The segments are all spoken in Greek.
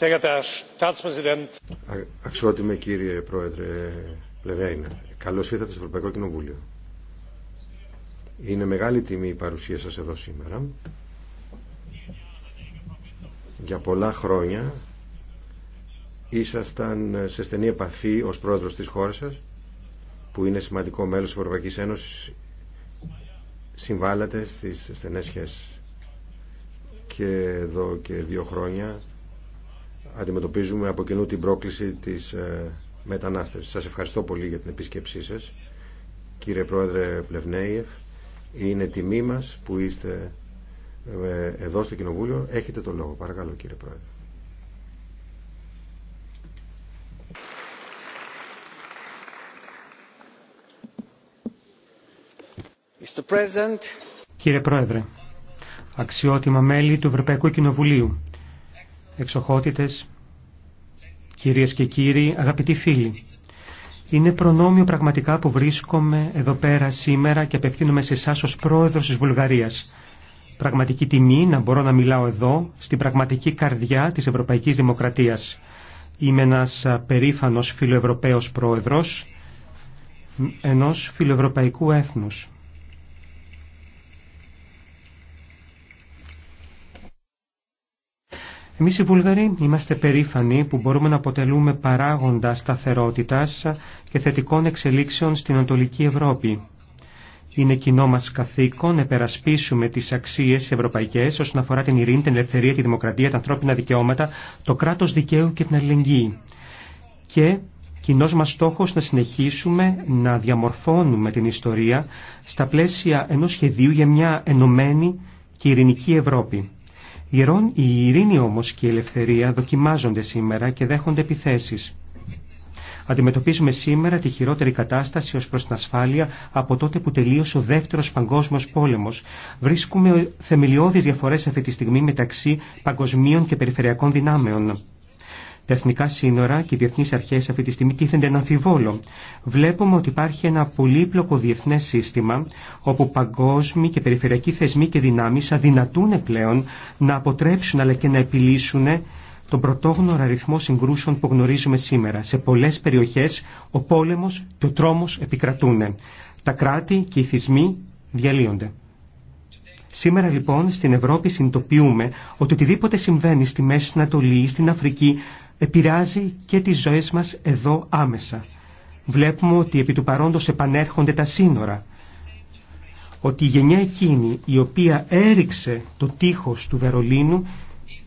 staatspräsident Αξιότιμε κύριε Πρόεδρε Πλεβέινα, καλώς ήρθατε στο Ευρωπαϊκό Κοινοβούλιο. Είναι μεγάλη τιμή η παρουσία σας εδώ σήμερα. Για πολλά χρόνια ήσασταν σε στενή επαφή ως πρόεδρος της χώρας σας, που είναι σημαντικό μέλος της Ευρωπαϊκής Ένωσης συμβάλλατε στις στενές σχέσεις. Και εδώ και δύο χρόνια αντιμετωπίζουμε από κοινού την πρόκληση της ε, μετανάστευσης. Σας ευχαριστώ πολύ για την επίσκεψή σας. Κύριε Πρόεδρε Πλευνέιεφ, είναι τιμή μας που είστε ε, εδώ στο Κοινοβούλιο. Έχετε το λόγο. Παρακαλώ κύριε Πρόεδρε. Κύριε Πρόεδρε, αξιότιμα μέλη του Ευρωπαϊκού Κοινοβουλίου, εξοχότητες, κυρίες και κύριοι, αγαπητοί φίλοι, είναι προνόμιο πραγματικά που βρίσκομαι εδώ πέρα σήμερα και απευθύνομαι σε εσά ως πρόεδρος της Βουλγαρίας. Πραγματική τιμή να μπορώ να μιλάω εδώ, στην πραγματική καρδιά της Ευρωπαϊκής Δημοκρατίας. Είμαι ένας περήφανος φιλοευρωπαίος πρόεδρος ενός φιλοευρωπαϊκού έθνους. Εμείς οι Βούλγαροι είμαστε περήφανοι που μπορούμε να αποτελούμε παράγοντα σταθερότητας και θετικών εξελίξεων στην Ανατολική Ευρώπη. Είναι κοινό μας καθήκον να περασπίσουμε τις αξίες ευρωπαϊκές όσον αφορά την ειρήνη, την ελευθερία, τη δημοκρατία, τα ανθρώπινα δικαιώματα, το κράτος δικαίου και την αλληλεγγύη. Και Κοινό μα στόχο να συνεχίσουμε να διαμορφώνουμε την ιστορία στα πλαίσια ενός σχεδίου για μια ενωμένη και ειρηνική Ευρώπη. Η ειρήνη όμως και η ελευθερία δοκιμάζονται σήμερα και δέχονται επιθέσεις. Αντιμετωπίζουμε σήμερα τη χειρότερη κατάσταση ως προς την ασφάλεια από τότε που τελείωσε ο δεύτερος παγκόσμιος πόλεμος. Βρίσκουμε θεμελιώδεις διαφορές αυτή τη στιγμή μεταξύ παγκοσμίων και περιφερειακών δυνάμεων. Τα εθνικά σύνορα και οι διεθνεί αρχέ αυτή τη στιγμή τίθενται ένα αμφιβόλο. Βλέπουμε ότι υπάρχει ένα πολύπλοκο διεθνέ σύστημα όπου παγκόσμιοι και περιφερειακοί θεσμοί και δυνάμει αδυνατούν πλέον να αποτρέψουν αλλά και να επιλύσουν τον πρωτόγνωρο αριθμό συγκρούσεων που γνωρίζουμε σήμερα. Σε πολλέ περιοχέ ο πόλεμο και ο τρόμος επικρατούν. Τα κράτη και οι θυσμοί διαλύονται. Σήμερα λοιπόν στην Ευρώπη συνειδητοποιούμε ότι οτιδήποτε συμβαίνει στη Μέση Ανατολή ή στην Αφρική επηρεάζει και τις ζωές μας εδώ άμεσα. Βλέπουμε ότι επί του παρόντος επανέρχονται τα σύνορα. Ότι η γενιά εκείνη η οποία έριξε το τείχος του Βερολίνου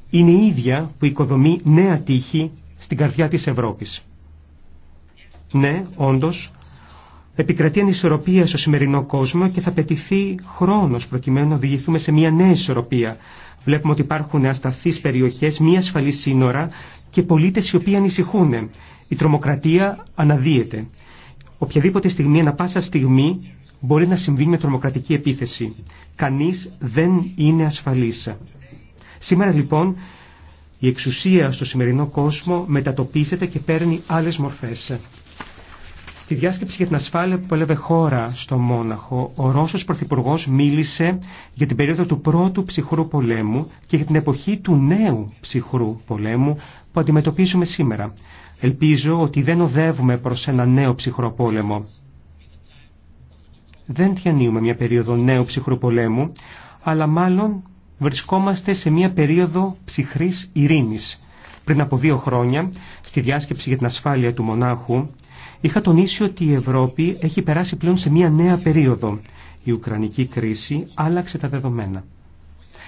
είναι η ίδια που οικοδομεί νέα τείχη στην καρδιά της Ευρώπης. Ναι, όντως, επικρατεί ανισορροπία στο σημερινό κόσμο και θα πετηθεί χρόνο προκειμένου να οδηγηθούμε σε μια νέα ισορροπία. Βλέπουμε ότι υπάρχουν ασταθεί περιοχέ, μια ασφαλή σύνορα και πολίτε οι οποίοι ανησυχούν. Η τρομοκρατία αναδύεται. Οποιαδήποτε στιγμή, ανα πάσα στιγμή, μπορεί να συμβεί με τρομοκρατική επίθεση. Κανεί δεν είναι ασφαλή. Σήμερα λοιπόν η εξουσία στο σημερινό κόσμο μετατοπίζεται και παίρνει άλλες μορφές. Στη διάσκεψη για την ασφάλεια που έλαβε χώρα στο Μόναχο, ο Ρώσος Πρωθυπουργό μίλησε για την περίοδο του πρώτου ψυχρού πολέμου και για την εποχή του νέου ψυχρού πολέμου που αντιμετωπίζουμε σήμερα. Ελπίζω ότι δεν οδεύουμε προς ένα νέο ψυχρό πόλεμο. Δεν διανύουμε μια περίοδο νέου ψυχρού πολέμου, αλλά μάλλον βρισκόμαστε σε μια περίοδο ψυχρής ειρήνης. Πριν από δύο χρόνια, στη διάσκεψη για την ασφάλεια του Μονάχου, Είχα τονίσει ότι η Ευρώπη έχει περάσει πλέον σε μια νέα περίοδο. Η Ουκρανική κρίση άλλαξε τα δεδομένα.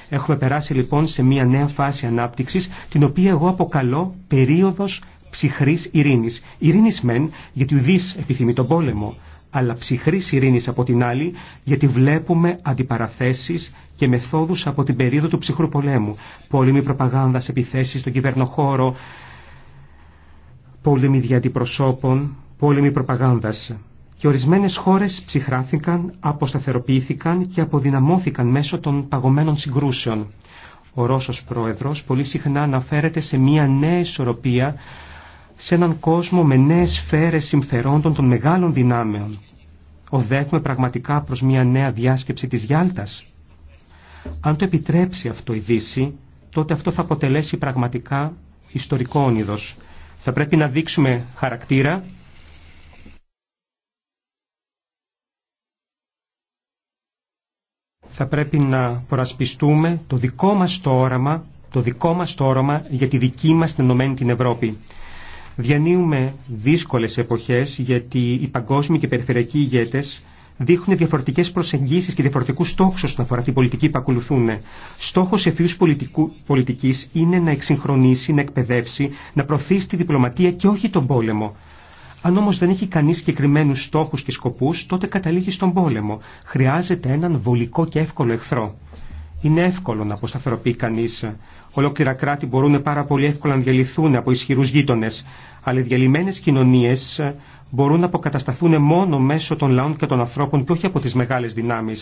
Έχουμε περάσει λοιπόν σε μια νέα φάση ανάπτυξης, την οποία εγώ αποκαλώ περίοδος ψυχρής ειρήνης. Ειρήνης μεν, γιατί ουδής επιθυμεί τον πόλεμο, αλλά ψυχρής ειρήνης από την άλλη, γιατί βλέπουμε αντιπαραθέσεις και μεθόδους από την περίοδο του ψυχρού πολέμου. Πόλεμοι προπαγάνδας, επιθέσεις στον κυβερνοχώρο, πόλεμοι δια αντιπροσώπων, Πόλεμη προπαγάνδας και ορισμένες χώρες ψυχράθηκαν, αποσταθεροποιήθηκαν και αποδυναμώθηκαν μέσω των παγωμένων συγκρούσεων. Ο Ρώσος Πρόεδρος πολύ συχνά αναφέρεται σε μια νέα ισορροπία σε έναν κόσμο με νέες σφαίρες συμφερόντων των μεγάλων δυνάμεων. Οδεύουμε πραγματικά προς μια νέα διάσκεψη της Γιάλτας. Αν το επιτρέψει αυτό η Δύση, τότε αυτό θα αποτελέσει πραγματικά ιστορικό όνειδος. Θα πρέπει να δείξουμε χαρακτήρα θα πρέπει να προασπιστούμε το δικό μας το όραμα, το δικό μας το όραμα για τη δική μας την ενωμένη την Ευρώπη. Διανύουμε δύσκολες εποχές γιατί οι παγκόσμιοι και περιφερειακοί ηγέτες δείχνουν διαφορετικέ προσεγγίσει και διαφορετικού στόχου όσον αφορά την πολιτική που ακολουθούν. Στόχο ευφυού πολιτική είναι να εξυγχρονίσει, να εκπαιδεύσει, να προωθήσει τη διπλωματία και όχι τον πόλεμο. Αν όμω δεν έχει κανεί συγκεκριμένου στόχου και σκοπού, τότε καταλήγει στον πόλεμο. Χρειάζεται έναν βολικό και εύκολο εχθρό. Είναι εύκολο να αποσταθεροποιεί κανεί. Ολόκληρα κράτη μπορούν πάρα πολύ εύκολα να διαλυθούν από ισχυρού γείτονε. Αλλά οι διαλυμένε κοινωνίε μπορούν να αποκατασταθούν μόνο μέσω των λαών και των ανθρώπων και όχι από τι μεγάλε δυνάμει.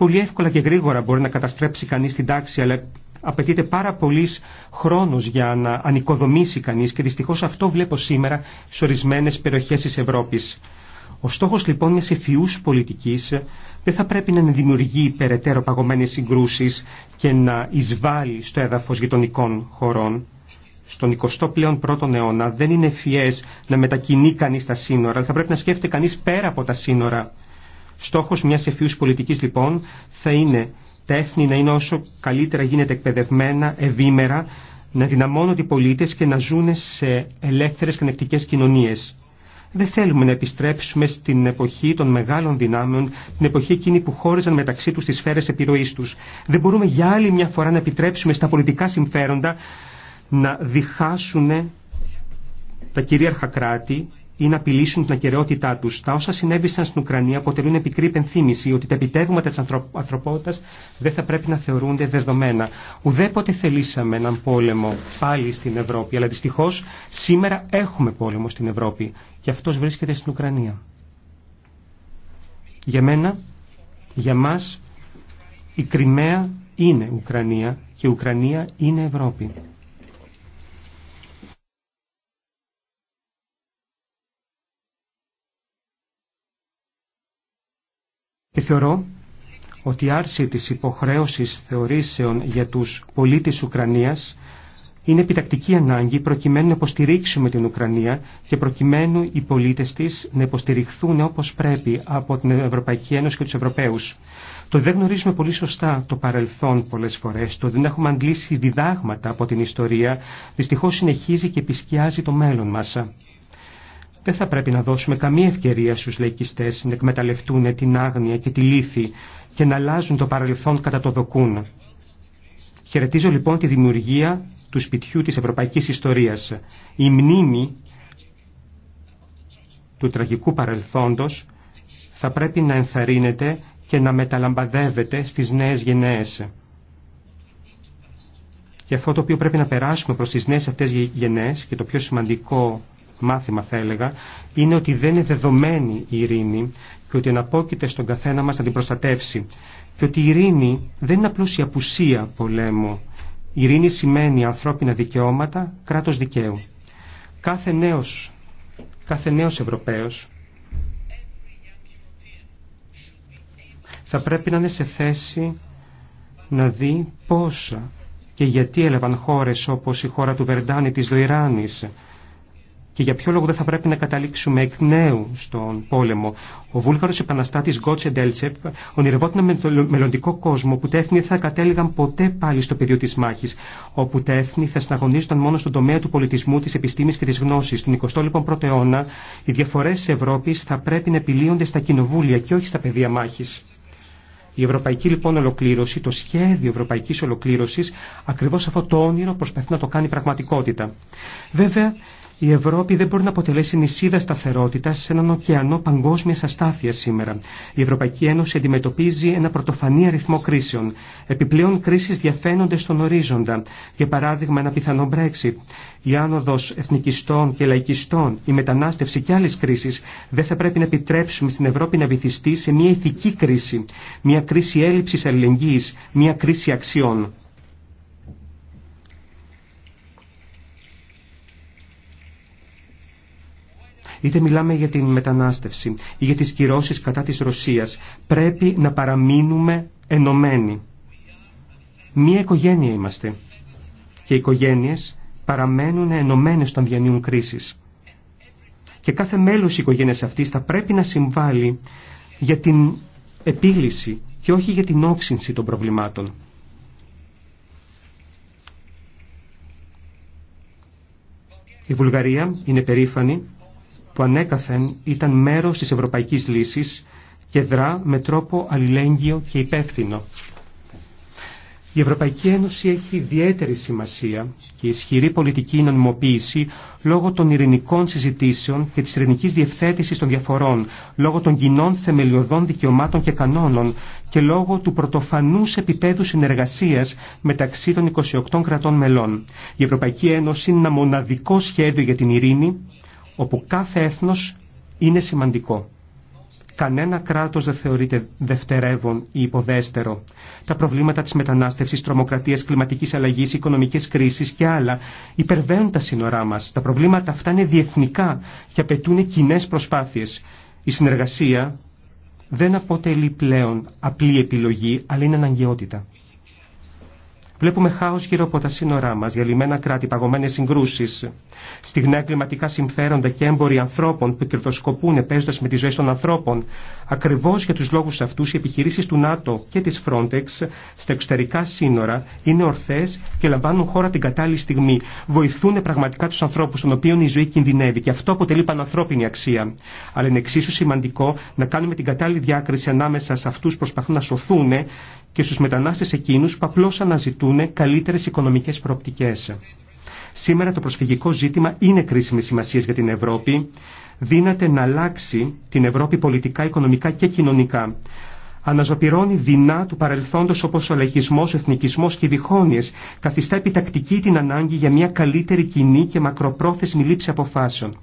Πολύ εύκολα και γρήγορα μπορεί να καταστρέψει κανείς την τάξη, αλλά απαιτείται πάρα πολλή χρόνος για να ανοικοδομήσει κανείς και δυστυχώς αυτό βλέπω σήμερα σε ορισμένες περιοχές της Ευρώπης. Ο στόχος λοιπόν μιας ευφυού πολιτικής δεν θα πρέπει να δημιουργεί περαιτέρω παγωμένες συγκρούσεις και να εισβάλλει στο έδαφος γειτονικών χωρών. Στον 20ο πλέον πρώτο αιώνα δεν είναι φιές να μετακινεί κανείς τα σύνορα, αλλά θα πρέπει να σκέφτεται κανείς πέρα από τα σύνορα. Στόχος μιας ευφύου πολιτικής λοιπόν θα είναι τα έθνη να είναι όσο καλύτερα γίνεται εκπαιδευμένα, ευήμερα, να δυναμώνονται οι πολίτε και να ζουν σε ελεύθερες και ανεκτικές κοινωνίες. Δεν θέλουμε να επιστρέψουμε στην εποχή των μεγάλων δυνάμεων, την εποχή εκείνη που χώριζαν μεταξύ τους τις σφαίρε επιρροή του. Δεν μπορούμε για άλλη μια φορά να επιτρέψουμε στα πολιτικά συμφέροντα να διχάσουν τα κυρίαρχα κράτη ή να απειλήσουν την ακαιρεότητά του. Τα όσα συνέβησαν στην Ουκρανία αποτελούν επικρή υπενθύμηση ότι τα επιτεύγματα τη ανθρωπότητα δεν θα πρέπει να θεωρούνται δεδομένα. Ουδέποτε θελήσαμε έναν πόλεμο πάλι στην Ευρώπη, αλλά δυστυχώ σήμερα έχουμε πόλεμο στην Ευρώπη και αυτό βρίσκεται στην Ουκρανία. Για μένα, για μα, η Κρυμαία είναι Ουκρανία και η Ουκρανία είναι Ευρώπη. Και θεωρώ ότι η άρση της υποχρέωσης θεωρήσεων για τους πολίτες Ουκρανίας είναι επιτακτική ανάγκη προκειμένου να υποστηρίξουμε την Ουκρανία και προκειμένου οι πολίτες της να υποστηριχθούν όπως πρέπει από την Ευρωπαϊκή Ένωση και τους Ευρωπαίους. Το δεν γνωρίζουμε πολύ σωστά το παρελθόν πολλές φορές, το δεν έχουμε αντλήσει διδάγματα από την ιστορία, δυστυχώς συνεχίζει και επισκιάζει το μέλλον μας. Δεν θα πρέπει να δώσουμε καμία ευκαιρία στους λαϊκιστές να εκμεταλλευτούν την άγνοια και τη λύθη και να αλλάζουν το παρελθόν κατά το δοκούν. Χαιρετίζω λοιπόν τη δημιουργία του σπιτιού της ευρωπαϊκής ιστορίας. Η μνήμη του τραγικού παρελθόντος θα πρέπει να ενθαρρύνεται και να μεταλαμπαδεύεται στις νέες γενναίες. Και αυτό το οποίο πρέπει να περάσουμε προς τις νέες αυτές γενναίες και το πιο σημαντικό μάθημα θα έλεγα, είναι ότι δεν είναι δεδομένη η ειρήνη και ότι αναπόκειται στον καθένα μας να την προστατεύσει. Και ότι η ειρήνη δεν είναι απλώς η απουσία πολέμου. Η ειρήνη σημαίνει ανθρώπινα δικαιώματα, κράτος δικαίου. Κάθε νέος, κάθε νέος Ευρωπαίος θα πρέπει να είναι σε θέση να δει πόσα και γιατί έλαβαν χώρες όπως η χώρα του Βερντάνη της Λοϊράνης, και για ποιο λόγο δεν θα πρέπει να καταλήξουμε εκ νέου στον πόλεμο. Ο Βούλγαρος επαναστάτης Γκότσε Ντέλτσεπ ονειρευόταν με το μελλοντικό κόσμο που τα έθνη θα κατέληγαν ποτέ πάλι στο πεδίο της μάχης, όπου τα έθνη θα συναγωνίζονταν μόνο στον τομέα του πολιτισμού, της επιστήμης και της γνώσης. Στον 20ο λοιπόν πρώτο αιώνα οι διαφορές της Ευρώπης θα πρέπει να επιλύονται στα κοινοβούλια και όχι στα πεδία μάχης. Η ευρωπαϊκή λοιπόν ολοκλήρωση, το σχέδιο ευρωπαϊκής ολοκλήρωσης, ακριβώ αυτό το όνειρο προσπαθεί να το κάνει πραγματικότητα. Βέβαια, η Ευρώπη δεν μπορεί να αποτελέσει νησίδα σταθερότητα σε έναν ωκεανό παγκόσμια αστάθεια σήμερα. Η Ευρωπαϊκή Ένωση αντιμετωπίζει ένα πρωτοφανή αριθμό κρίσεων. Επιπλέον κρίσει διαφαίνονται στον ορίζοντα. Για παράδειγμα, ένα πιθανό Brexit. Η άνοδο εθνικιστών και λαϊκιστών, η μετανάστευση και άλλε κρίσει δεν θα πρέπει να επιτρέψουμε στην Ευρώπη να βυθιστεί σε μια ηθική κρίση. Μια κρίση έλλειψη αλληλεγγύη, μια κρίση αξιών. είτε μιλάμε για την μετανάστευση ή για τις κυρώσεις κατά της Ρωσίας, πρέπει να παραμείνουμε ενωμένοι. Μία οικογένεια είμαστε και οι οικογένειες παραμένουν ενωμένε όταν διανύουν κρίσεις. Και κάθε μέλος της οικογένειας αυτής θα πρέπει να συμβάλλει για την επίλυση και όχι για την όξυνση των προβλημάτων. Η Βουλγαρία είναι περήφανη που ανέκαθεν ήταν μέρος της ευρωπαϊκής λύσης και δρά με τρόπο αλληλέγγυο και υπεύθυνο. Η Ευρωπαϊκή Ένωση έχει ιδιαίτερη σημασία και ισχυρή πολιτική νομιμοποίηση λόγω των ειρηνικών συζητήσεων και της ειρηνικής διευθέτησης των διαφορών, λόγω των κοινών θεμελιωδών δικαιωμάτων και κανόνων και λόγω του πρωτοφανούς επίπεδου συνεργασίας μεταξύ των 28 κρατών μελών. Η Ευρωπαϊκή Ένωση είναι ένα μοναδικό σχέδιο για την ειρήνη, όπου κάθε έθνος είναι σημαντικό. Κανένα κράτος δεν θεωρείται δευτερεύον ή υποδέστερο. Τα προβλήματα της μετανάστευσης, τρομοκρατίας, κλιματικής αλλαγής, οικονομικής κρίσης και άλλα υπερβαίνουν τα σύνορά μας. Τα προβλήματα αυτά είναι διεθνικά και απαιτούν κοινέ προσπάθειες. Η συνεργασία δεν αποτελεί πλέον απλή επιλογή, αλλά είναι αναγκαιότητα. Βλέπουμε χάο γύρω από τα σύνορά μα, διαλυμένα κράτη, παγωμένε συγκρούσει, στιγνά εγκληματικά συμφέροντα και έμποροι ανθρώπων που κερδοσκοπούν παίζοντα με τη ζωή των ανθρώπων. Ακριβώ για του λόγου αυτού, οι επιχειρήσει του ΝΑΤΟ και τη Frontex στα εξωτερικά σύνορα είναι ορθέ και λαμβάνουν χώρα την κατάλληλη στιγμή. Βοηθούν πραγματικά του ανθρώπου, των οποίων η ζωή κινδυνεύει και αυτό αποτελεί πανανθρώπινη αξία. Αλλά είναι εξίσου σημαντικό να κάνουμε την κατάλληλη διάκριση ανάμεσα σε αυτού που προσπαθούν να σωθούν και στου μετανάστε εκείνου που απλώ αναζητούν δημιουργηθούν καλύτερες οικονομικές προοπτικές. Σήμερα το προσφυγικό ζήτημα είναι κρίσιμη σημασία για την Ευρώπη. Δύναται να αλλάξει την Ευρώπη πολιτικά, οικονομικά και κοινωνικά. Αναζωπηρώνει δεινά του παρελθόντο όπω ο λαϊκισμό, ο εθνικισμό και οι διχόνοιε. Καθιστά επιτακτική την ανάγκη για μια καλύτερη κοινή και μακροπρόθεσμη λήψη αποφάσεων.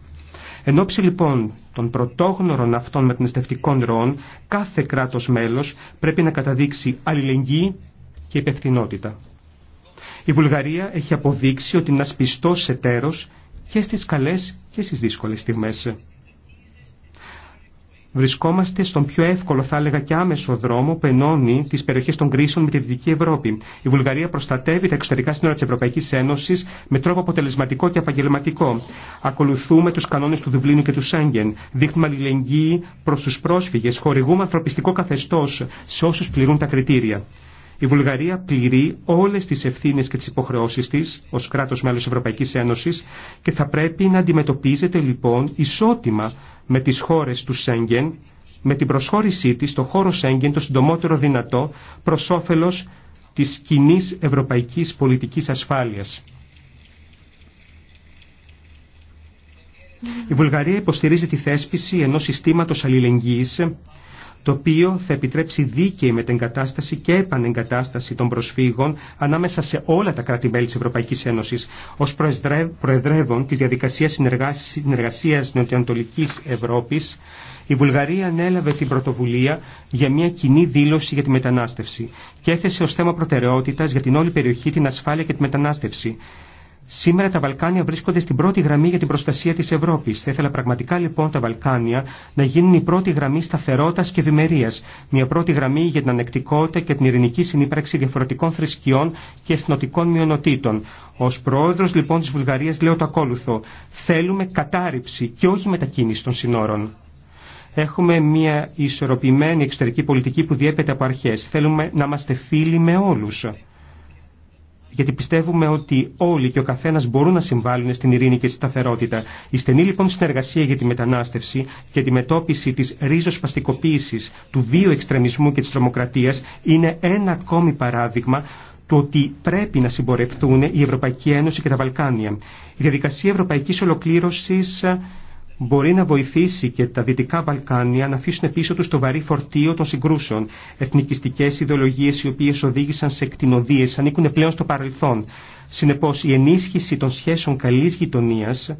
Εν ώψη λοιπόν των πρωτόγνωρων αυτών μεταναστευτικών ροών, κάθε κράτο μέλο πρέπει να καταδείξει αλληλεγγύη και υπευθυνότητα. Η Βουλγαρία έχει αποδείξει ότι είναι ένα πιστό εταίρο και στι καλέ και στι δύσκολε στιγμέ. Βρισκόμαστε στον πιο εύκολο, θα έλεγα και άμεσο δρόμο που ενώνει τι περιοχέ των κρίσεων με τη Δυτική Ευρώπη. Η Βουλγαρία προστατεύει τα εξωτερικά σύνορα τη Ευρωπαϊκή Ένωση με τρόπο αποτελεσματικό και επαγγελματικό. Ακολουθούμε του κανόνε του Δουβλίνου και του Σέγγεν. Δείχνουμε αλληλεγγύη προ του πρόσφυγε. Χορηγούμε ανθρωπιστικό καθεστώ σε όσου πληρούν τα κριτήρια. Η Βουλγαρία πληρεί όλες τις ευθύνες και τις υποχρεώσεις της ως κράτος μέλος Ευρωπαϊκής Ένωσης και θα πρέπει να αντιμετωπίζεται λοιπόν ισότιμα με τις χώρες του Σέγγεν, με την προσχώρησή της στο χώρο Σέγγεν το συντομότερο δυνατό προς όφελος της κοινή ευρωπαϊκής πολιτικής ασφάλειας. Η Βουλγαρία υποστηρίζει τη θέσπιση ενός συστήματος αλληλεγγύης το οποίο θα επιτρέψει δίκαιη μετεγκατάσταση και επανεγκατάσταση των προσφύγων ανάμεσα σε όλα τα κράτη-μέλη της Ευρωπαϊκής Ένωσης. Ως προεδρεύων της διαδικασίας συνεργασίας Νοτιοανατολικής Ευρώπης, η Βουλγαρία ανέλαβε την πρωτοβουλία για μια κοινή δήλωση για τη μετανάστευση και έθεσε ως θέμα προτεραιότητας για την όλη περιοχή την ασφάλεια και τη μετανάστευση. Σήμερα τα Βαλκάνια βρίσκονται στην πρώτη γραμμή για την προστασία τη Ευρώπη. Θα ήθελα πραγματικά λοιπόν τα Βαλκάνια να γίνουν η πρώτη γραμμή σταθερότητα και ευημερία. Μια πρώτη γραμμή για την ανεκτικότητα και την ειρηνική συνύπαρξη διαφορετικών θρησκειών και εθνοτικών μειονοτήτων. Ω πρόεδρο λοιπόν τη Βουλγαρία λέω το ακόλουθο. Θέλουμε κατάρριψη και όχι μετακίνηση των συνόρων. Έχουμε μια ισορροπημένη εξωτερική πολιτική που διέπεται από αρχέ. Θέλουμε να είμαστε φίλοι με όλου γιατί πιστεύουμε ότι όλοι και ο καθένας μπορούν να συμβάλλουν στην ειρήνη και στη σταθερότητα. Η στενή λοιπόν συνεργασία για τη μετανάστευση και τη μετώπιση της ρίζοσπαστικοποίησης του βίου εξτρεμισμού και της τρομοκρατίας είναι ένα ακόμη παράδειγμα του ότι πρέπει να συμπορευτούν η Ευρωπαϊκή Ένωση και τα Βαλκάνια. Η διαδικασία ευρωπαϊκής ολοκλήρωσης μπορεί να βοηθήσει και τα Δυτικά Βαλκάνια να αφήσουν πίσω τους το βαρύ φορτίο των συγκρούσεων. Εθνικιστικές ιδεολογίες οι οποίες οδήγησαν σε κτηνοδίες ανήκουν πλέον στο παρελθόν. Συνεπώς η ενίσχυση των σχέσεων καλής γειτονίας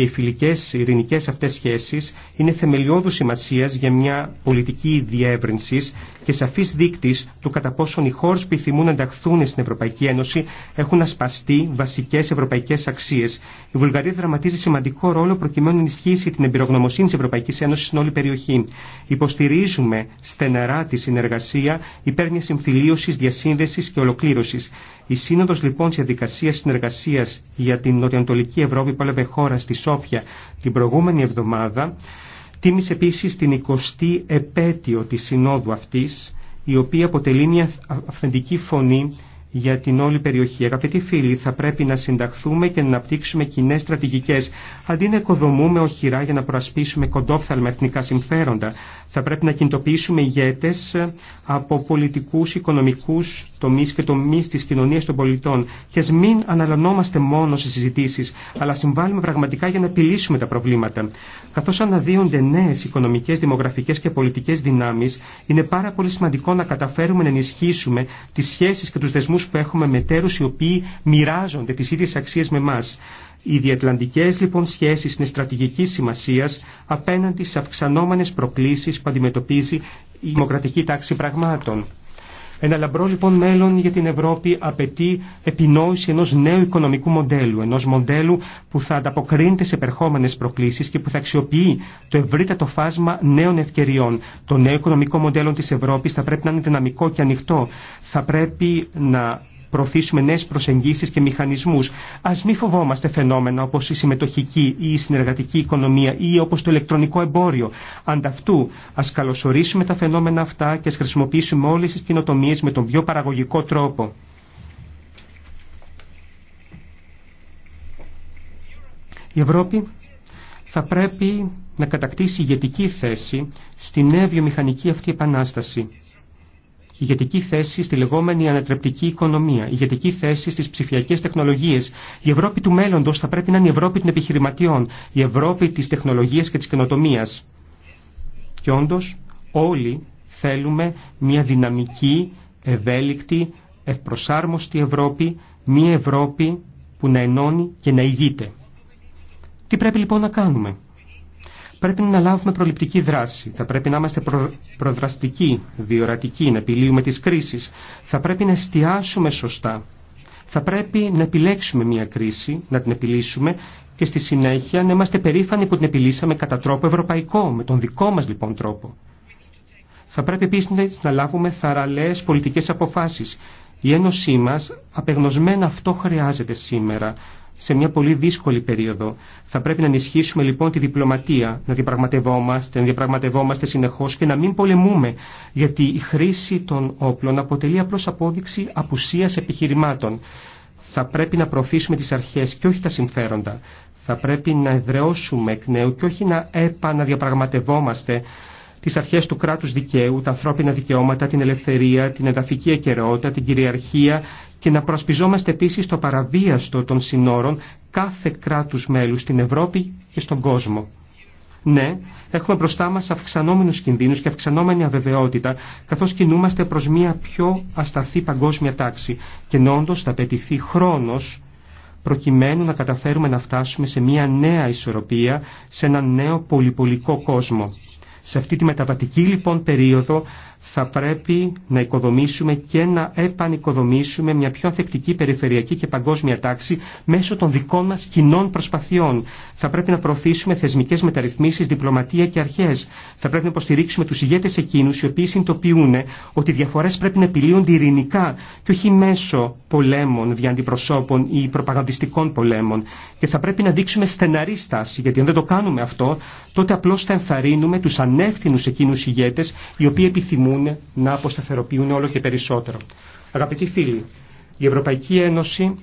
και οι φιλικές ειρηνικές αυτές σχέσεις είναι θεμελιώδου σημασίας για μια πολιτική διεύρυνση και σαφής δείκτης του κατά πόσον οι χώρες που επιθυμούν να ενταχθούν στην Ευρωπαϊκή Ένωση έχουν ασπαστεί βασικές ευρωπαϊκές αξίες. Η Βουλγαρία δραματίζει σημαντικό ρόλο προκειμένου να ενισχύσει την εμπειρογνωμοσύνη της Ευρωπαϊκή Ένωση στην όλη περιοχή. Υποστηρίζουμε στεναρά τη συνεργασία υπέρ μια συμφιλίωση, διασύνδεση και ολοκλήρωση. Η Σύνοδο λοιπόν τη Διαδικασία Συνεργασία για την Νοτιοανατολική Ευρώπη που έλαβε χώρα στη Σόφια την προηγούμενη εβδομάδα τίμησε επίση την 20η επέτειο τη Συνόδου αυτή, η οποία αποτελεί μια αυθεντική φωνή για την όλη περιοχή. Αγαπητοί φίλοι, θα πρέπει να συνταχθούμε και να αναπτύξουμε κοινέ στρατηγικέ, αντί να οικοδομούμε οχυρά για να προασπίσουμε κοντόφθαλμα εθνικά συμφέροντα. Θα πρέπει να κινητοποιήσουμε ηγέτες ε, από πολιτικούς, οικονομικούς τομείς και τομείς της κοινωνίας των πολιτών. Και ας μην αναλωνόμαστε μόνο σε συζητήσεις, αλλά συμβάλλουμε πραγματικά για να επιλύσουμε τα προβλήματα. Καθώς αναδύονται νέες οικονομικές, δημογραφικές και πολιτικές δυνάμεις, είναι πάρα πολύ σημαντικό να καταφέρουμε να ενισχύσουμε τις σχέσεις και τους δεσμούς που έχουμε με οι οποίοι μοιράζονται τις ίδιες αξίες με εμάς. Οι Διατλαντικέ λοιπόν σχέσεις είναι στρατηγική σημασία απέναντι σε αυξανόμενε προκλήσεις που αντιμετωπίζει η δημοκρατική τάξη πραγμάτων. Ένα λαμπρό λοιπόν μέλλον για την Ευρώπη απαιτεί επινόηση ενό νέου οικονομικού μοντέλου. Ενό μοντέλου που θα ανταποκρίνεται σε επερχόμενε προκλήσει και που θα αξιοποιεί το ευρύτατο φάσμα νέων ευκαιριών. Το νέο οικονομικό μοντέλο τη Ευρώπη θα πρέπει να είναι δυναμικό και ανοιχτό. Θα πρέπει να προωθήσουμε νέε προσεγγίσει και μηχανισμού. Α μην φοβόμαστε φαινόμενα όπω η συμμετοχική ή η συνεργατική οικονομία ή όπω το ηλεκτρονικό εμπόριο. Ανταυτού, α καλωσορίσουμε τα φαινόμενα αυτά και α χρησιμοποιήσουμε όλε τι κοινοτομίε με τον πιο παραγωγικό τρόπο. Η Ευρώπη θα πρέπει να κατακτήσει ηγετική θέση στην νέα βιομηχανική αυτή επανάσταση ηγετική θέση στη λεγόμενη ανατρεπτική οικονομία, ηγετική θέση στις ψηφιακές τεχνολογίες. Η Ευρώπη του μέλλοντος θα πρέπει να είναι η Ευρώπη των επιχειρηματιών, η Ευρώπη της τεχνολογίας και της καινοτομίας. Και όντως όλοι θέλουμε μια δυναμική, ευέλικτη, ευπροσάρμοστη Ευρώπη, μια Ευρώπη που να ενώνει και να ηγείται. Τι πρέπει λοιπόν να κάνουμε. Πρέπει να λάβουμε προληπτική δράση. Θα πρέπει να είμαστε προδραστικοί, διορατικοί, να επιλύουμε τις κρίσεις. Θα πρέπει να εστιάσουμε σωστά. Θα πρέπει να επιλέξουμε μια κρίση, να την επιλύσουμε και στη συνέχεια να είμαστε περήφανοι που την επιλύσαμε κατά τρόπο ευρωπαϊκό, με τον δικό μας λοιπόν τρόπο. Θα πρέπει επίσης να λάβουμε θαραλέες πολιτικές αποφάσεις. Η Ένωσή μας, απεγνωσμένα αυτό χρειάζεται σήμερα σε μια πολύ δύσκολη περίοδο. Θα πρέπει να ενισχύσουμε λοιπόν τη διπλωματία, να διαπραγματευόμαστε, να διαπραγματευόμαστε συνεχώς και να μην πολεμούμε, γιατί η χρήση των όπλων αποτελεί απλώ απόδειξη απουσίας επιχειρημάτων. Θα πρέπει να προωθήσουμε τις αρχές και όχι τα συμφέροντα. Θα πρέπει να εδραιώσουμε εκ νέου και όχι να επαναδιαπραγματευόμαστε τις αρχές του κράτους δικαίου, τα ανθρώπινα δικαιώματα, την ελευθερία, την εδαφική αικαιρεότητα, την κυριαρχία και να προσπιζόμαστε επίσης το παραβίαστο των συνόρων κάθε κράτους μέλου στην Ευρώπη και στον κόσμο. Ναι, έχουμε μπροστά μας αυξανόμενους κινδύνους και αυξανόμενη αβεβαιότητα, καθώς κινούμαστε προς μια πιο ασταθή παγκόσμια τάξη και νόντως θα απαιτηθεί χρόνος προκειμένου να καταφέρουμε να φτάσουμε σε μια νέα ισορροπία, σε έναν νέο πολυπολικό κόσμο. Σε αυτή τη μεταβατική λοιπόν περίοδο θα πρέπει να οικοδομήσουμε και να επανοικοδομήσουμε μια πιο ανθεκτική περιφερειακή και παγκόσμια τάξη μέσω των δικών μας κοινών προσπαθειών. Θα πρέπει να προωθήσουμε θεσμικές μεταρρυθμίσεις, διπλωματία και αρχές. Θα πρέπει να υποστηρίξουμε τους ηγέτες εκείνους οι οποίοι συνειδητοποιούν ότι οι διαφορές πρέπει να επιλύονται ειρηνικά και όχι μέσω πολέμων διαντιπροσώπων ή προπαγανδιστικών πολέμων. Και θα πρέπει να δείξουμε στεναρή στάση, γιατί αν δεν το κάνουμε αυτό, τότε απλώς θα ενθαρρύνουμε τους ανεύθυνους εκείνους ηγέτες οι οποίοι επιθυμούν να αποσταθεροποιούν όλο και περισσότερο. Αγαπητοί φίλοι, η Ευρωπαϊκή Ένωση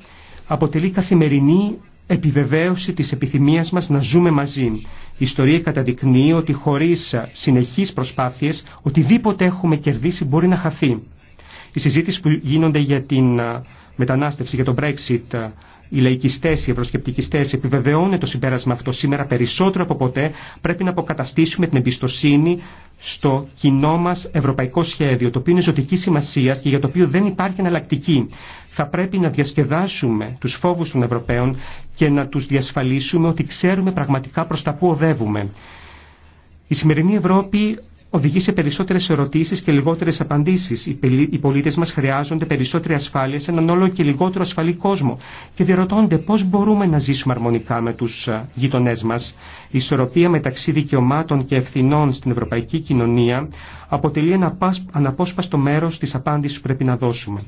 αποτελεί καθημερινή επιβεβαίωση της επιθυμίας μας να ζούμε μαζί. Η ιστορία καταδεικνύει ότι χωρίς συνεχείς προσπάθειες οτιδήποτε έχουμε κερδίσει μπορεί να χαθεί. Οι συζήτηση που γίνονται για την μετανάστευση, για το Brexit, οι λαϊκιστέ, οι ευρωσκεπτικιστέ επιβεβαιώνουν το συμπέρασμα αυτό σήμερα περισσότερο από ποτέ. Πρέπει να αποκαταστήσουμε την εμπιστοσύνη στο κοινό μα ευρωπαϊκό σχέδιο, το οποίο είναι ζωτική σημασία και για το οποίο δεν υπάρχει εναλλακτική. Θα πρέπει να διασκεδάσουμε του φόβου των Ευρωπαίων και να του διασφαλίσουμε ότι ξέρουμε πραγματικά προ τα που οδεύουμε. Η σημερινή Ευρώπη οδηγεί σε περισσότερε ερωτήσει και λιγότερε απαντήσει. Οι πολίτε μα χρειάζονται περισσότερη ασφάλεια σε έναν όλο και λιγότερο ασφαλή κόσμο και διαρωτώνται πώ μπορούμε να ζήσουμε αρμονικά με του γειτονέ μα. Η ισορροπία μεταξύ δικαιωμάτων και ευθυνών στην ευρωπαϊκή κοινωνία αποτελεί ένα αναπόσπαστο μέρο τη απάντηση που πρέπει να δώσουμε.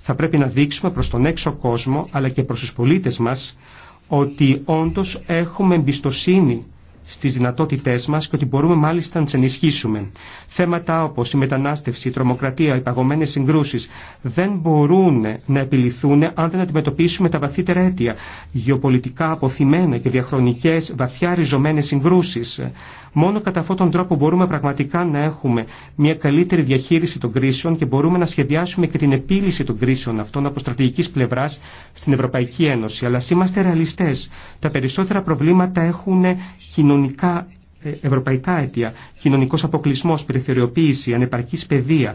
Θα πρέπει να δείξουμε προ τον έξω κόσμο αλλά και προ του πολίτε μα ότι όντω έχουμε εμπιστοσύνη στι δυνατότητέ μα και ότι μπορούμε μάλιστα να τι ενισχύσουμε. Θέματα όπω η μετανάστευση, η τρομοκρατία, οι παγωμένε συγκρούσει δεν μπορούν να επιληθούν αν δεν αντιμετωπίσουμε τα βαθύτερα αίτια. Γεωπολιτικά αποθυμένα και διαχρονικέ βαθιά ριζωμένε συγκρούσει. Μόνο κατά αυτόν τον τρόπο μπορούμε πραγματικά να έχουμε μια καλύτερη διαχείριση των κρίσεων και μπορούμε να σχεδιάσουμε και την επίλυση των κρίσεων αυτών από στρατηγική πλευρά στην Ευρωπαϊκή Ένωση. Αλλά είμαστε ρεαλιστέ. Τα περισσότερα προβλήματα έχουν κοινωνικά ε, ευρωπαϊκά αίτια, κοινωνικός αποκλεισμός, περιθωριοποίηση, ανεπαρκής παιδεία,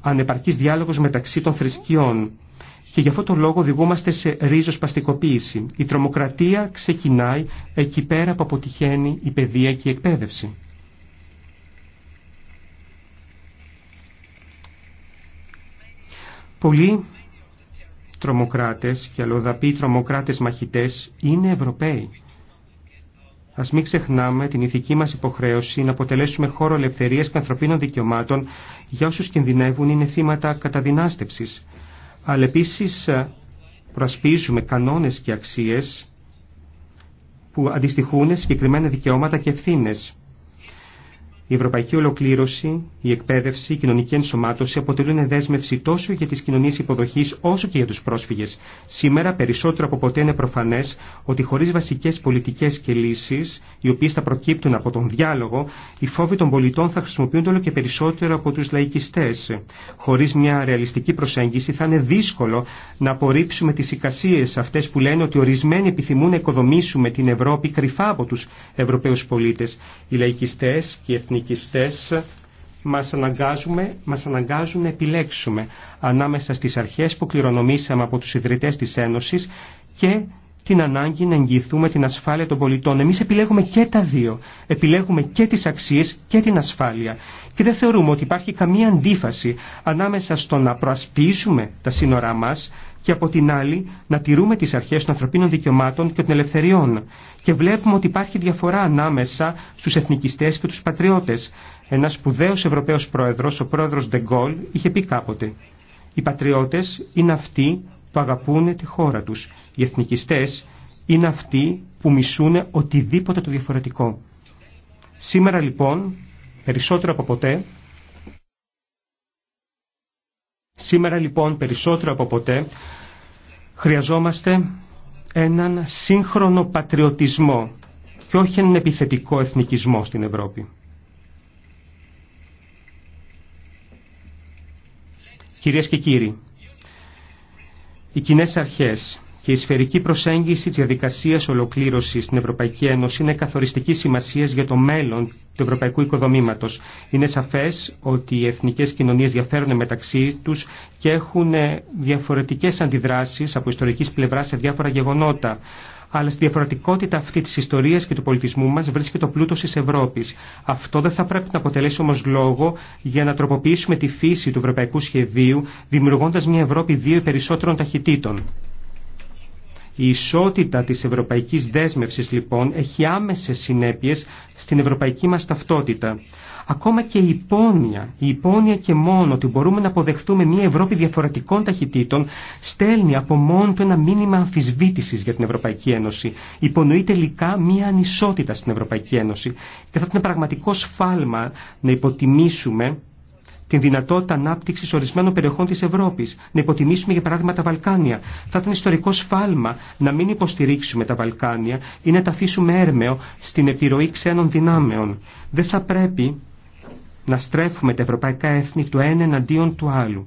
ανεπαρκής διάλογος μεταξύ των θρησκειών. Και γι' αυτό τον λόγο οδηγούμαστε σε ρίζος παστικοποίηση. Η τρομοκρατία ξεκινάει εκεί πέρα που αποτυχαίνει η παιδεία και η εκπαίδευση. Πολλοί τρομοκράτες και αλλοδαποί τρομοκράτες μαχητές είναι Ευρωπαίοι. Α μην ξεχνάμε την ηθική μα υποχρέωση να αποτελέσουμε χώρο ελευθερία και ανθρωπίνων δικαιωμάτων για όσου κινδυνεύουν είναι θύματα καταδυνάστευση. Αλλά επίση ε, προασπίζουμε κανόνε και αξίε που αντιστοιχούν συγκεκριμένα δικαιώματα και ευθύνε. Η ευρωπαϊκή ολοκλήρωση, η εκπαίδευση, η κοινωνική ενσωμάτωση αποτελούν δέσμευση τόσο για τι κοινωνίε υποδοχή όσο και για του πρόσφυγε. Σήμερα περισσότερο από ποτέ είναι προφανέ ότι χωρί βασικέ πολιτικέ και λύσει, οι οποίε θα προκύπτουν από τον διάλογο, οι φόβοι των πολιτών θα χρησιμοποιούνται όλο και περισσότερο από του λαϊκιστέ. Χωρί μια ρεαλιστική προσέγγιση θα είναι δύσκολο να απορρίψουμε τι εικασίε αυτέ που λένε ότι ορισμένοι επιθυμούν να οικοδομήσουμε την Ευρώπη κρυφά από του Ευρωπαίου πολίτε. Οι λαϊκιστέ και οι εθνικιστές μας, αναγκάζουμε, μας αναγκάζουν να επιλέξουμε ανάμεσα στις αρχές που κληρονομήσαμε από τους ιδρυτές της Ένωσης και την ανάγκη να εγγυηθούμε την ασφάλεια των πολιτών. Εμείς επιλέγουμε και τα δύο. Επιλέγουμε και τις αξίες και την ασφάλεια. Και δεν θεωρούμε ότι υπάρχει καμία αντίφαση ανάμεσα στο να προασπίζουμε τα σύνορά μας και από την άλλη να τηρούμε τις αρχές των ανθρωπίνων δικαιωμάτων και των ελευθεριών. Και βλέπουμε ότι υπάρχει διαφορά ανάμεσα στους εθνικιστές και τους πατριώτες. Ένας σπουδαίος Ευρωπαίος πρόεδρος, ο πρόεδρος Ντεγκόλ, είχε πει κάποτε «Οι πατριώτες είναι αυτοί που αγαπούν τη χώρα τους. Οι εθνικιστές είναι αυτοί που μισούν οτιδήποτε το διαφορετικό». Σήμερα λοιπόν, περισσότερο από ποτέ, Σήμερα λοιπόν περισσότερο από ποτέ Χρειαζόμαστε έναν σύγχρονο πατριωτισμό και όχι έναν επιθετικό εθνικισμό στην Ευρώπη. Κυρίες και κύριοι, οι κοινέ αρχές και η σφαιρική προσέγγιση της διαδικασίας ολοκλήρωσης στην Ευρωπαϊκή Ένωση είναι καθοριστική σημασία για το μέλλον του ευρωπαϊκού οικοδομήματος. Είναι σαφές ότι οι εθνικές κοινωνίες διαφέρουν μεταξύ τους και έχουν διαφορετικές αντιδράσεις από ιστορικής πλευρά σε διάφορα γεγονότα αλλά στη διαφορετικότητα αυτή τη ιστορία και του πολιτισμού μα βρίσκεται το πλούτο τη Ευρώπη. Αυτό δεν θα πρέπει να αποτελέσει όμω λόγο για να τροποποιήσουμε τη φύση του ευρωπαϊκού σχεδίου, δημιουργώντα μια Ευρώπη δύο περισσότερων ταχυτήτων. Η ισότητα της ευρωπαϊκής δέσμευσης λοιπόν έχει άμεσες συνέπειες στην ευρωπαϊκή μας ταυτότητα. Ακόμα και η υπόνοια, η υπόνοια και μόνο ότι μπορούμε να αποδεχτούμε μια Ευρώπη διαφορετικών ταχυτήτων στέλνει από μόνο του ένα μήνυμα αμφισβήτησης για την Ευρωπαϊκή Ένωση. Υπονοεί τελικά μια ανισότητα στην Ευρωπαϊκή Ένωση. Και θα ήταν πραγματικό σφάλμα να υποτιμήσουμε την δυνατότητα ανάπτυξη ορισμένων περιοχών τη Ευρώπη. Να υποτιμήσουμε, για παράδειγμα, τα Βαλκάνια. Θα ήταν ιστορικό σφάλμα να μην υποστηρίξουμε τα Βαλκάνια ή να τα αφήσουμε έρμεο στην επιρροή ξένων δυνάμεων. Δεν θα πρέπει να στρέφουμε τα ευρωπαϊκά έθνη του ένα εναντίον του άλλου.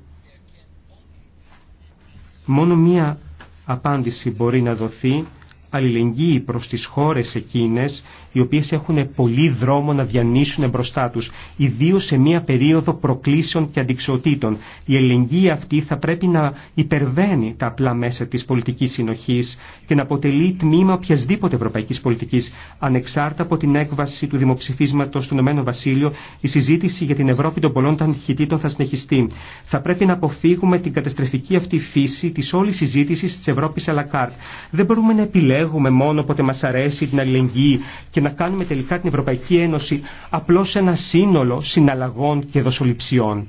Μόνο μία απάντηση μπορεί να δοθεί αλληλεγγύη προς τις χώρες εκείνες οι οποίες έχουν πολύ δρόμο να διανύσουν μπροστά τους, ιδίως σε μια περίοδο προκλήσεων και αντικσοτήτων. Η αλληλεγγύη αυτή θα πρέπει να υπερβαίνει τα απλά μέσα της πολιτικής συνοχής και να αποτελεί τμήμα οποιασδήποτε ευρωπαϊκής πολιτικής. Ανεξάρτητα από την έκβαση του δημοψηφίσματος του Ηνωμένου Βασίλειο, η συζήτηση για την Ευρώπη των πολλών ταχυτήτων θα συνεχιστεί. Θα πρέπει να αποφύγουμε την καταστρεφική αυτή φύση της όλης συζήτησης της Ευρώπης Αλακάρτ. Δεν μπορούμε να επιλέξουμε Έχουμε μόνο όποτε μας αρέσει την αλληλεγγύη και να κάνουμε τελικά την Ευρωπαϊκή Ένωση απλώς ένα σύνολο συναλλαγών και δοσοληψιών.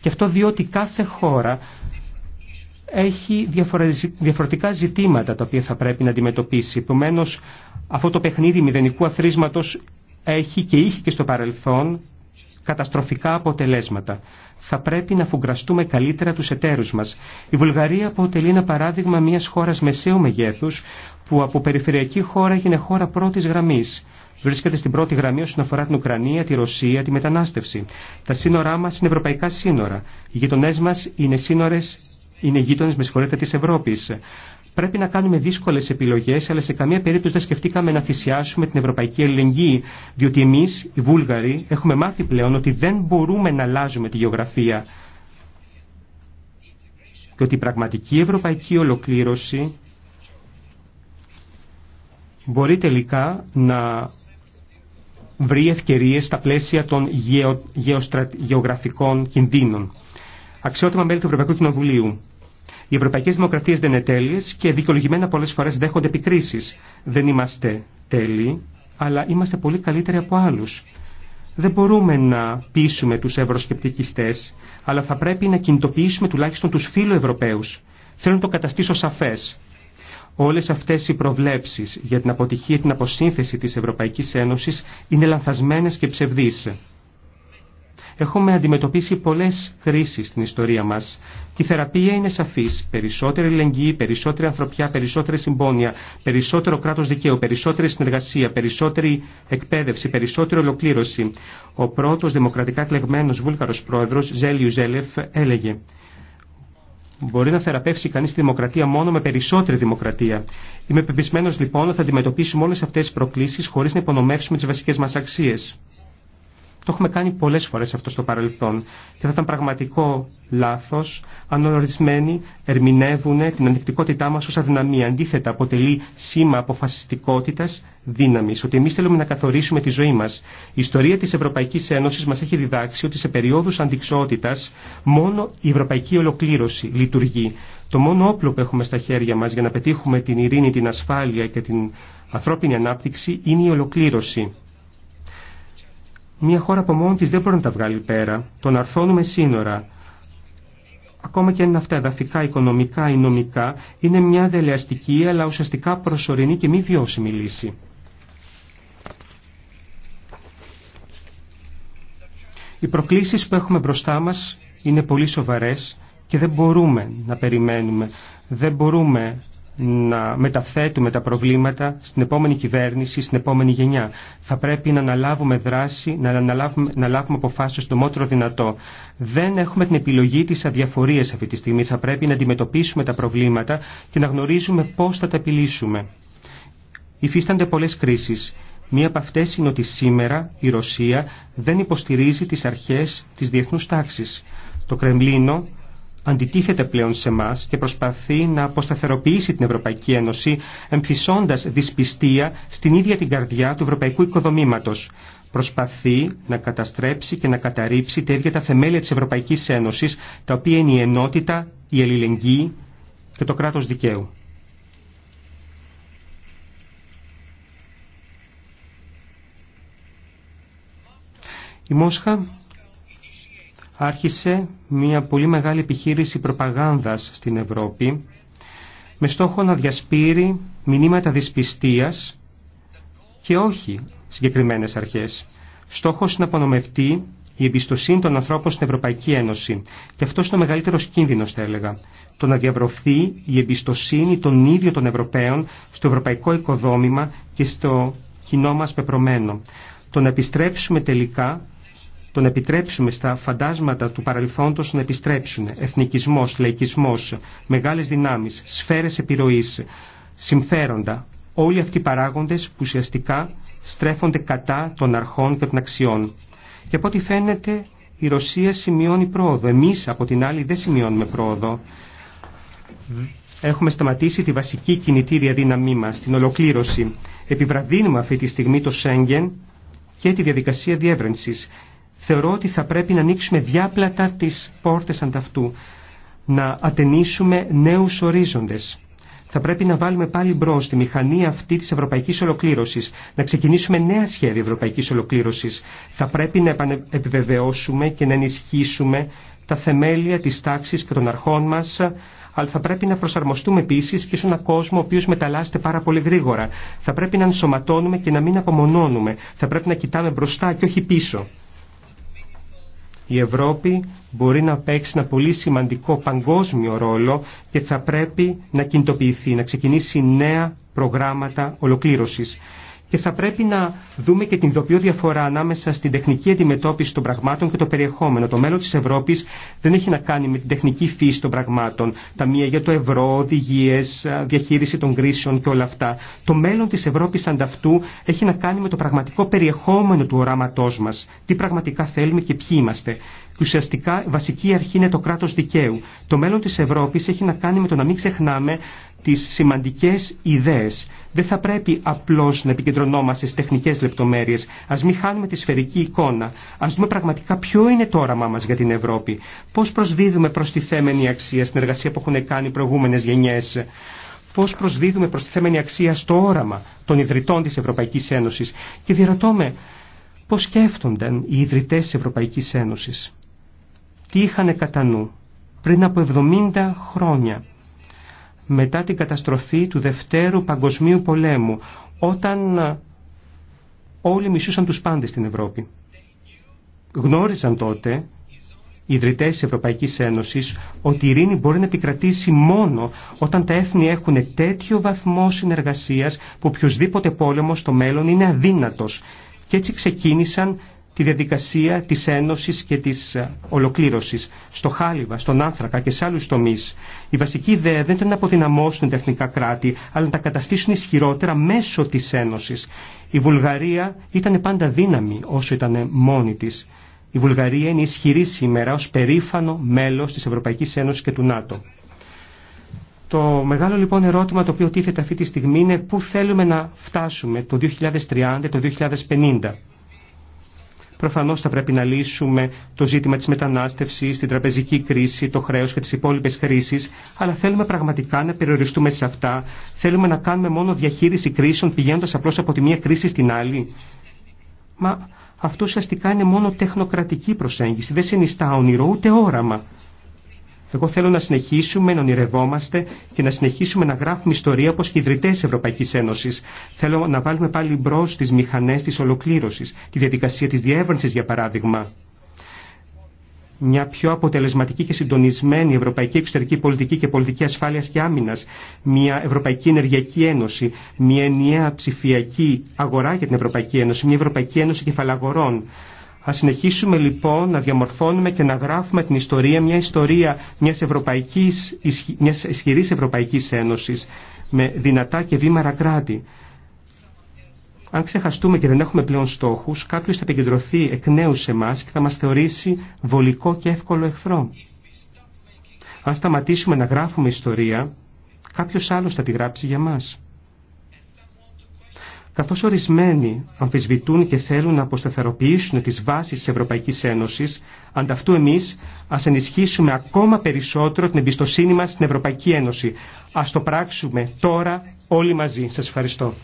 Και αυτό διότι κάθε χώρα έχει διαφορετικά ζητήματα τα οποία θα πρέπει να αντιμετωπίσει. Επομένω, αυτό το παιχνίδι μηδενικού αθρίσματος έχει και είχε και στο παρελθόν καταστροφικά αποτελέσματα. Θα πρέπει να φουγκραστούμε καλύτερα τους εταίρους μας. Η Βουλγαρία αποτελεί ένα παράδειγμα μιας χώρας μεσαίου μεγέθους που από περιφερειακή χώρα έγινε χώρα πρώτης γραμμής. Βρίσκεται στην πρώτη γραμμή όσον αφορά την Ουκρανία, τη Ρωσία, τη μετανάστευση. Τα σύνορά μας είναι ευρωπαϊκά σύνορα. Οι γειτονές μας είναι σύνορε είναι γείτονε, με τη Ευρώπη. Πρέπει να κάνουμε δύσκολε επιλογέ, αλλά σε καμία περίπτωση δεν σκεφτήκαμε να θυσιάσουμε την ευρωπαϊκή ελληνική. Διότι εμεί, οι Βούλγαροι, έχουμε μάθει πλέον ότι δεν μπορούμε να αλλάζουμε τη γεωγραφία. Και ότι η πραγματική ευρωπαϊκή ολοκλήρωση μπορεί τελικά να βρει ευκαιρίες στα πλαίσια των γεω... γεωγραφικών κινδύνων. Αξιότιμα μέλη του Ευρωπαϊκού Κοινοβουλίου. Οι ευρωπαϊκέ δημοκρατίε δεν είναι τέλειε και δικαιολογημένα πολλέ φορέ δέχονται επικρίσει. Δεν είμαστε τέλειοι, αλλά είμαστε πολύ καλύτεροι από άλλου. Δεν μπορούμε να πείσουμε του ευρωσκεπτικιστέ, αλλά θα πρέπει να κινητοποιήσουμε τουλάχιστον του Ευρωπαίου. Θέλω να το καταστήσω σαφέ. Όλες αυτές οι προβλέψει για την αποτυχία και την αποσύνθεση τη Ευρωπαϊκή Ένωση είναι λανθασμένε και ψευδείς. Έχουμε αντιμετωπίσει πολλές κρίσεις στην ιστορία μας. Και η θεραπεία είναι σαφής. Περισσότερη ελεγγύη, περισσότερη ανθρωπιά, περισσότερη συμπόνια, περισσότερο κράτος δικαίου, περισσότερη συνεργασία, περισσότερη εκπαίδευση, περισσότερη ολοκλήρωση. Ο πρώτος δημοκρατικά κλεγμένος βούλγαρος πρόεδρος, Ζέλιου Ζέλεφ, έλεγε Μπορεί να θεραπεύσει κανεί τη δημοκρατία μόνο με περισσότερη δημοκρατία. Είμαι πεπισμένο λοιπόν ότι θα αντιμετωπίσουμε όλε αυτέ τι προκλήσει χωρί να υπονομεύσουμε τι βασικέ μα αξίε. Το έχουμε κάνει πολλές φορές αυτό στο παρελθόν και θα ήταν πραγματικό λάθος αν ορισμένοι ερμηνεύουν την ανεκτικότητά μας ως αδυναμία. Αντίθετα, αποτελεί σήμα αποφασιστικότητας δύναμης, ότι εμείς θέλουμε να καθορίσουμε τη ζωή μας. Η ιστορία της Ευρωπαϊκής Ένωσης μας έχει διδάξει ότι σε περιόδους αντικσότητας μόνο η ευρωπαϊκή ολοκλήρωση λειτουργεί. Το μόνο όπλο που έχουμε στα χέρια μας για να πετύχουμε την ειρήνη, την ασφάλεια και την ανθρώπινη ανάπτυξη είναι η ολοκλήρωση. Μια χώρα από μόνη της δεν μπορεί να τα βγάλει πέρα. Τον αρθώνουμε σύνορα. Ακόμα και αν είναι αυτά εδαφικά, οικονομικά ή νομικά είναι μια δελεαστική αλλά ουσιαστικά προσωρινή και μη βιώσιμη λύση. Οι προκλήσεις που έχουμε μπροστά μας είναι πολύ σοβαρές και δεν μπορούμε να περιμένουμε. Δεν μπορούμε να μεταθέτουμε τα προβλήματα στην επόμενη κυβέρνηση, στην επόμενη γενιά. Θα πρέπει να αναλάβουμε δράση, να αναλάβουμε, να λάβουμε αποφάσεις το μότρο δυνατό. Δεν έχουμε την επιλογή της αδιαφορίας αυτή τη στιγμή. Θα πρέπει να αντιμετωπίσουμε τα προβλήματα και να γνωρίζουμε πώς θα τα επιλύσουμε. Υφίστανται πολλές κρίσεις. Μία από αυτές είναι ότι σήμερα η Ρωσία δεν υποστηρίζει τις αρχές της διεθνούς τάξης. Το Κρεμλίνο αντιτίθεται πλέον σε εμά και προσπαθεί να αποσταθεροποιήσει την Ευρωπαϊκή Ένωση, εμφυσώντα δυσπιστία στην ίδια την καρδιά του ευρωπαϊκού οικοδομήματο. Προσπαθεί να καταστρέψει και να καταρρύψει τα ίδια τα θεμέλια τη Ευρωπαϊκή Ένωση, τα οποία είναι η ενότητα, η αλληλεγγύη και το κράτο δικαίου. Η άρχισε μια πολύ μεγάλη επιχείρηση προπαγάνδας στην Ευρώπη με στόχο να διασπείρει μηνύματα δυσπιστίας και όχι συγκεκριμένες αρχές. Στόχος να απονομευτεί η εμπιστοσύνη των ανθρώπων στην Ευρωπαϊκή Ένωση. Και αυτό είναι ο μεγαλύτερο κίνδυνος, θα έλεγα. Το να διαβρωθεί η εμπιστοσύνη των ίδιων των Ευρωπαίων στο ευρωπαϊκό οικοδόμημα και στο κοινό μας πεπρωμένο. Το να επιστρέψουμε τελικά τον επιτρέψουμε στα φαντάσματα του παρελθόντος να επιστρέψουν. Εθνικισμός, λαϊκισμός, μεγάλες δυνάμεις, σφαίρες επιρροής, συμφέροντα, όλοι αυτοί οι παράγοντες που ουσιαστικά στρέφονται κατά των αρχών και των αξιών. Και από ό,τι φαίνεται η Ρωσία σημειώνει πρόοδο. Εμείς από την άλλη δεν σημειώνουμε πρόοδο. Έχουμε σταματήσει τη βασική κινητήρια δύναμή μας, την ολοκλήρωση. Επιβραδύνουμε αυτή τη στιγμή το Σέγγεν και τη διαδικασία διεύρυνσης θεωρώ ότι θα πρέπει να ανοίξουμε διάπλατα τις πόρτες ανταυτού, να ατενίσουμε νέους ορίζοντες. Θα πρέπει να βάλουμε πάλι μπρο τη μηχανή αυτή τη ευρωπαϊκή ολοκλήρωση, να ξεκινήσουμε νέα σχέδια ευρωπαϊκή ολοκλήρωση. Θα πρέπει να επιβεβαιώσουμε και να ενισχύσουμε τα θεμέλια τη τάξη και των αρχών μα, αλλά θα πρέπει να προσαρμοστούμε επίση και σε έναν κόσμο ο οποίο μεταλλάσσεται πάρα πολύ γρήγορα. Θα πρέπει να ενσωματώνουμε και να μην απομονώνουμε. Θα πρέπει να κοιτάμε μπροστά και όχι πίσω. Η Ευρώπη μπορεί να παίξει ένα πολύ σημαντικό παγκόσμιο ρόλο και θα πρέπει να κινητοποιηθεί, να ξεκινήσει νέα προγράμματα ολοκλήρωσης και θα πρέπει να δούμε και την δοπιό διαφορά ανάμεσα στην τεχνική αντιμετώπιση των πραγμάτων και το περιεχόμενο. Το μέλλον της Ευρώπης δεν έχει να κάνει με την τεχνική φύση των πραγμάτων. Τα μία για το ευρώ, οδηγίε, διαχείριση των κρίσεων και όλα αυτά. Το μέλλον τη Ευρώπη ανταυτού έχει να κάνει με το πραγματικό περιεχόμενο του οράματός μας. Τι πραγματικά θέλουμε και ποιοι είμαστε. Ουσιαστικά βασική αρχή είναι το κράτο δικαίου. Το μέλλον τη Ευρώπη έχει να κάνει με το να μην ξεχνάμε τις σημαντικές ιδέες. Δεν θα πρέπει απλώς να επικεντρωνόμαστε στις τεχνικές λεπτομέρειες. Ας μην χάνουμε τη σφαιρική εικόνα. Ας δούμε πραγματικά ποιο είναι το όραμά μας για την Ευρώπη. Πώς προσδίδουμε προς τη θέμενη αξία στην εργασία που έχουν κάνει οι προηγούμενες γενιές πώς προσδίδουμε προς τη θέμενη αξία στο όραμα των ιδρυτών της Ευρωπαϊκής Ένωσης και διαρωτώ με πώς σκέφτονταν οι ιδρυτές της Ευρωπαϊκής Ένωσης. Τι είχαν κατά νου πριν από 70 χρόνια μετά την καταστροφή του Δευτέρου Παγκοσμίου Πολέμου, όταν ε, όλοι μισούσαν τους πάντες στην Ευρώπη. Γνώριζαν τότε οι ιδρυτές της Ευρωπαϊκής Ένωσης ότι η ειρήνη μπορεί να επικρατήσει μόνο όταν τα έθνη έχουν τέτοιο βαθμό συνεργασίας που οποιοδήποτε πόλεμο στο μέλλον είναι αδύνατος. Και έτσι ξεκίνησαν τη διαδικασία της ένωσης και της ε, ολοκλήρωσης στο χάλιβα, στον άνθρακα και σε άλλους τομείς. Η βασική ιδέα δεν ήταν να αποδυναμώσουν τα εθνικά κράτη, αλλά να τα καταστήσουν ισχυρότερα μέσω της ένωσης. Η Βουλγαρία ήταν πάντα δύναμη όσο ήταν μόνη της. Η Βουλγαρία είναι ισχυρή σήμερα ως περήφανο μέλος της Ευρωπαϊκής Ένωσης και του ΝΑΤΟ. Το μεγάλο λοιπόν ερώτημα το οποίο τίθεται αυτή τη στιγμή είναι πού θέλουμε να φτάσουμε το 2030, το 2050. Προφανώ θα πρέπει να λύσουμε το ζήτημα τη μετανάστευση, την τραπεζική κρίση, το χρέο και τι υπόλοιπε χρήσει, αλλά θέλουμε πραγματικά να περιοριστούμε σε αυτά. Θέλουμε να κάνουμε μόνο διαχείριση κρίσεων πηγαίνοντα απλώ από τη μία κρίση στην άλλη. Μα αυτό ουσιαστικά είναι μόνο τεχνοκρατική προσέγγιση. Δεν συνιστά όνειρο ούτε όραμα. Εγώ θέλω να συνεχίσουμε να ονειρευόμαστε και να συνεχίσουμε να γράφουμε ιστορία όπω και ιδρυτέ Ευρωπαϊκή Ένωση. Θέλω να βάλουμε πάλι μπρο τι μηχανέ τη ολοκλήρωση, τη διαδικασία τη διεύρυνση, για παράδειγμα. Μια πιο αποτελεσματική και συντονισμένη ευρωπαϊκή εξωτερική πολιτική και πολιτική ασφάλεια και άμυνα. Μια ευρωπαϊκή ενεργειακή ένωση. Μια ενιαία ψηφιακή αγορά για την Ευρωπαϊκή Ένωση. Μια ευρωπαϊκή ένωση κεφαλαγορών. Ας συνεχίσουμε λοιπόν να διαμορφώνουμε και να γράφουμε την ιστορία, μια ιστορία μιας, ευρωπαϊκής, μιας ισχυρής Ευρωπαϊκής Ένωσης με δυνατά και βήμαρα κράτη. Αν ξεχαστούμε και δεν έχουμε πλέον στόχους, κάποιος θα επικεντρωθεί εκ νέου σε εμά και θα μας θεωρήσει βολικό και εύκολο εχθρό. Αν σταματήσουμε να γράφουμε ιστορία, κάποιος άλλος θα τη γράψει για μας. Καθώς ορισμένοι αμφισβητούν και θέλουν να αποσταθεροποιήσουν τις βάσεις της Ευρωπαϊκής Ένωσης, ανταυτού εμείς ας ενισχύσουμε ακόμα περισσότερο την εμπιστοσύνη μας στην Ευρωπαϊκή Ένωση. Ας το πράξουμε τώρα όλοι μαζί. Σας ευχαριστώ.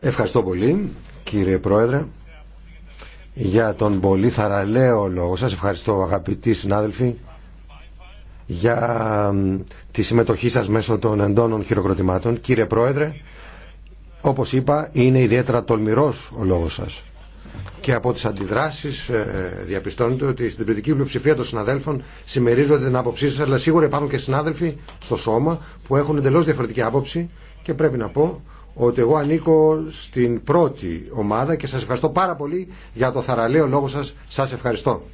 Ευχαριστώ πολύ κύριε Πρόεδρε για τον πολύ θαραλέο λόγο σας. Ευχαριστώ αγαπητοί συνάδελφοι για τη συμμετοχή σας μέσω των εντόνων χειροκροτημάτων. Κύριε Πρόεδρε, όπως είπα, είναι ιδιαίτερα τολμηρός ο λόγος σας. Και από τις αντιδράσεις ε, διαπιστώνεται ότι στην πληθυντική πλειοψηφία των συναδέλφων συμμερίζονται την άποψή σας, αλλά σίγουρα υπάρχουν και συνάδελφοι στο σώμα που έχουν εντελώς διαφορετική άποψη και πρέπει να πω ότι εγώ ανήκω στην πρώτη ομάδα και σας ευχαριστώ πάρα πολύ για το θαραλέο λόγο σας. Σας ευχαριστώ.